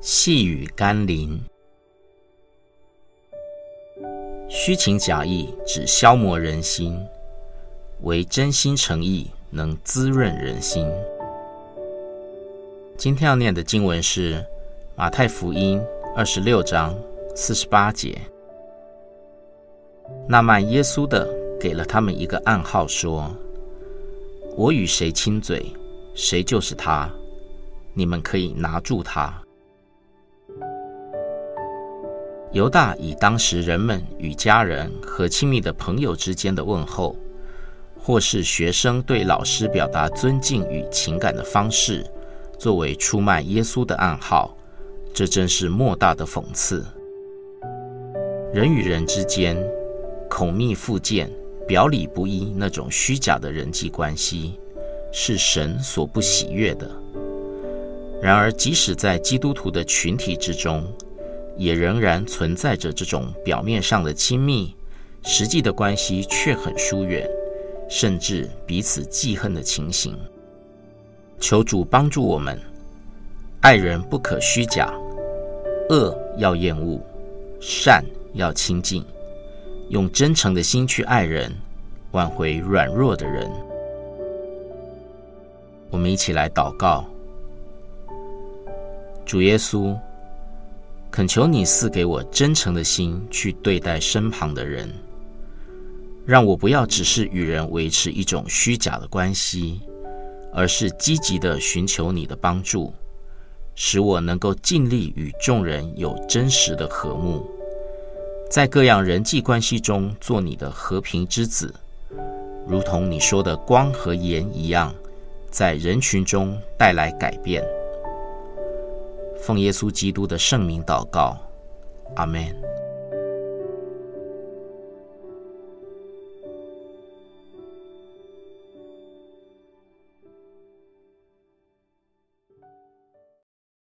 細語甘霖，虛情假意只消磨人心，唯真心誠意能滋潤人心。今天要念的經文是《馬太福音》二十六章四十八節。那賣耶穌的給了他們一個暗號，說：“我與誰親嘴，誰就是他。”你們可以拿住他。猶大以當時人們與家人和親密的朋友之間的問候，或是學生對老師表達尊敬與情感的方式，作為出賣耶穌的暗號，這真是莫大的諷刺。人與人之間，口蜜腹劍、表裡不一那種虛假的人際關係，是神所不喜悅的。然而，即使在基督徒的群體之中，也仍然存在着這種表面上的親密，實際的關係卻很疏遠，甚至彼此嫉恨的情形。求主幫助我們，愛人不可虛假，惡要厭惡，善要親近，用真誠的心去愛人，挽回軟弱的人。我們一起來禱告。主耶穌，懇求你賜給我真誠的心去對待身旁的人，讓我不要只是與人維持一種虛假的關係，而是積極地尋求你的幫助，使我能夠盡力與眾人有真實的和睦，在各樣人際關係中做你的和平之子，如同你說的光和鹽一樣，在人群中帶來改變。奉耶穌基督的聖名禱告，阿們。